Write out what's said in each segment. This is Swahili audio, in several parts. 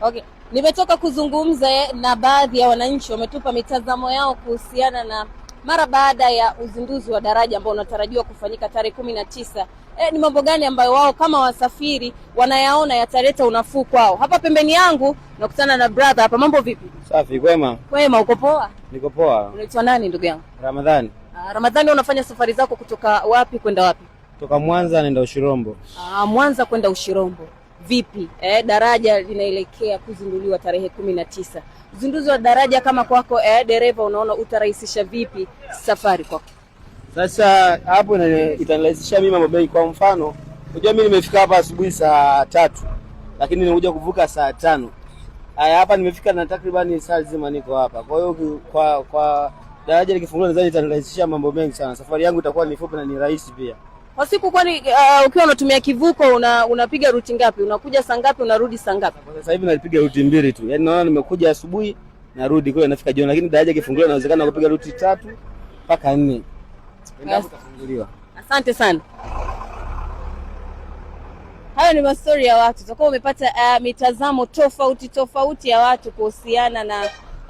Okay. Nimetoka kuzungumza na baadhi ya wananchi, wametupa mitazamo yao kuhusiana na mara baada ya uzinduzi wa daraja ambao unatarajiwa kufanyika tarehe kumi na tisa. E, ni mambo gani ambayo wao kama wasafiri wanayaona yataleta unafuu kwao? Hapa pembeni yangu nakutana na brother hapa. Mambo vipi? Safi. Kwema. Kwema. Uko poa? Niko poa. Unaitwa nani ndugu yangu? Ramadhani. Ah, Ramadhani, unafanya safari zako kutoka wapi kwenda wapi? Kutoka Mwanza naenda Ushirombo. Ah, Mwanza kwenda Ushirombo vipi eh? Daraja linaelekea kuzinduliwa tarehe kumi na tisa. Uzinduzi wa daraja kama kwako eh, dereva, unaona utarahisisha vipi safari kwako? Sasa hapo itanirahisisha mimi mambo mengi. Kwa mfano, unajua mimi nimefika hapa asubuhi saa tatu, lakini nimekuja kuvuka saa tano. Haya, hapa nimefika na takribani saa zima niko hapa. Kwa hiyo kwa, kwa daraja likifunguliwa, nadhani itanirahisisha mambo mengi sana. Safari yangu itakuwa ni fupi na ni rahisi pia. Kwa siku kwani uh, ukiwa unatumia kivuko una, unapiga ruti ngapi? Unakuja saa ngapi? Unarudi saa ngapi? Sasa hivi nalipiga ruti mbili tu. Yaani naona nimekuja asubuhi narudi hiyo nafika jioni, lakini daraja kifunguliwa, inawezekana kupiga ruti tatu mpaka nne. Asante sana. Hayo ni mastori ya watu. Tutakuwa umepata uh, mitazamo tofauti tofauti ya watu kuhusiana na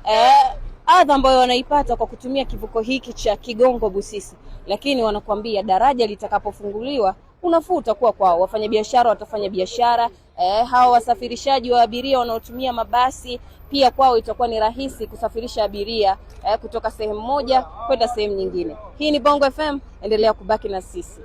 uh, adha ambayo wanaipata kwa kutumia kivuko hiki cha Kigongo Busisi lakini wanakuambia daraja litakapofunguliwa unafuu utakuwa kwao. Wafanyabiashara watafanya biashara eh, hawa wasafirishaji wa abiria wanaotumia mabasi pia kwao itakuwa ni rahisi kusafirisha abiria eh, kutoka sehemu moja kwenda sehemu nyingine. Hii ni Bongo FM, endelea kubaki na sisi.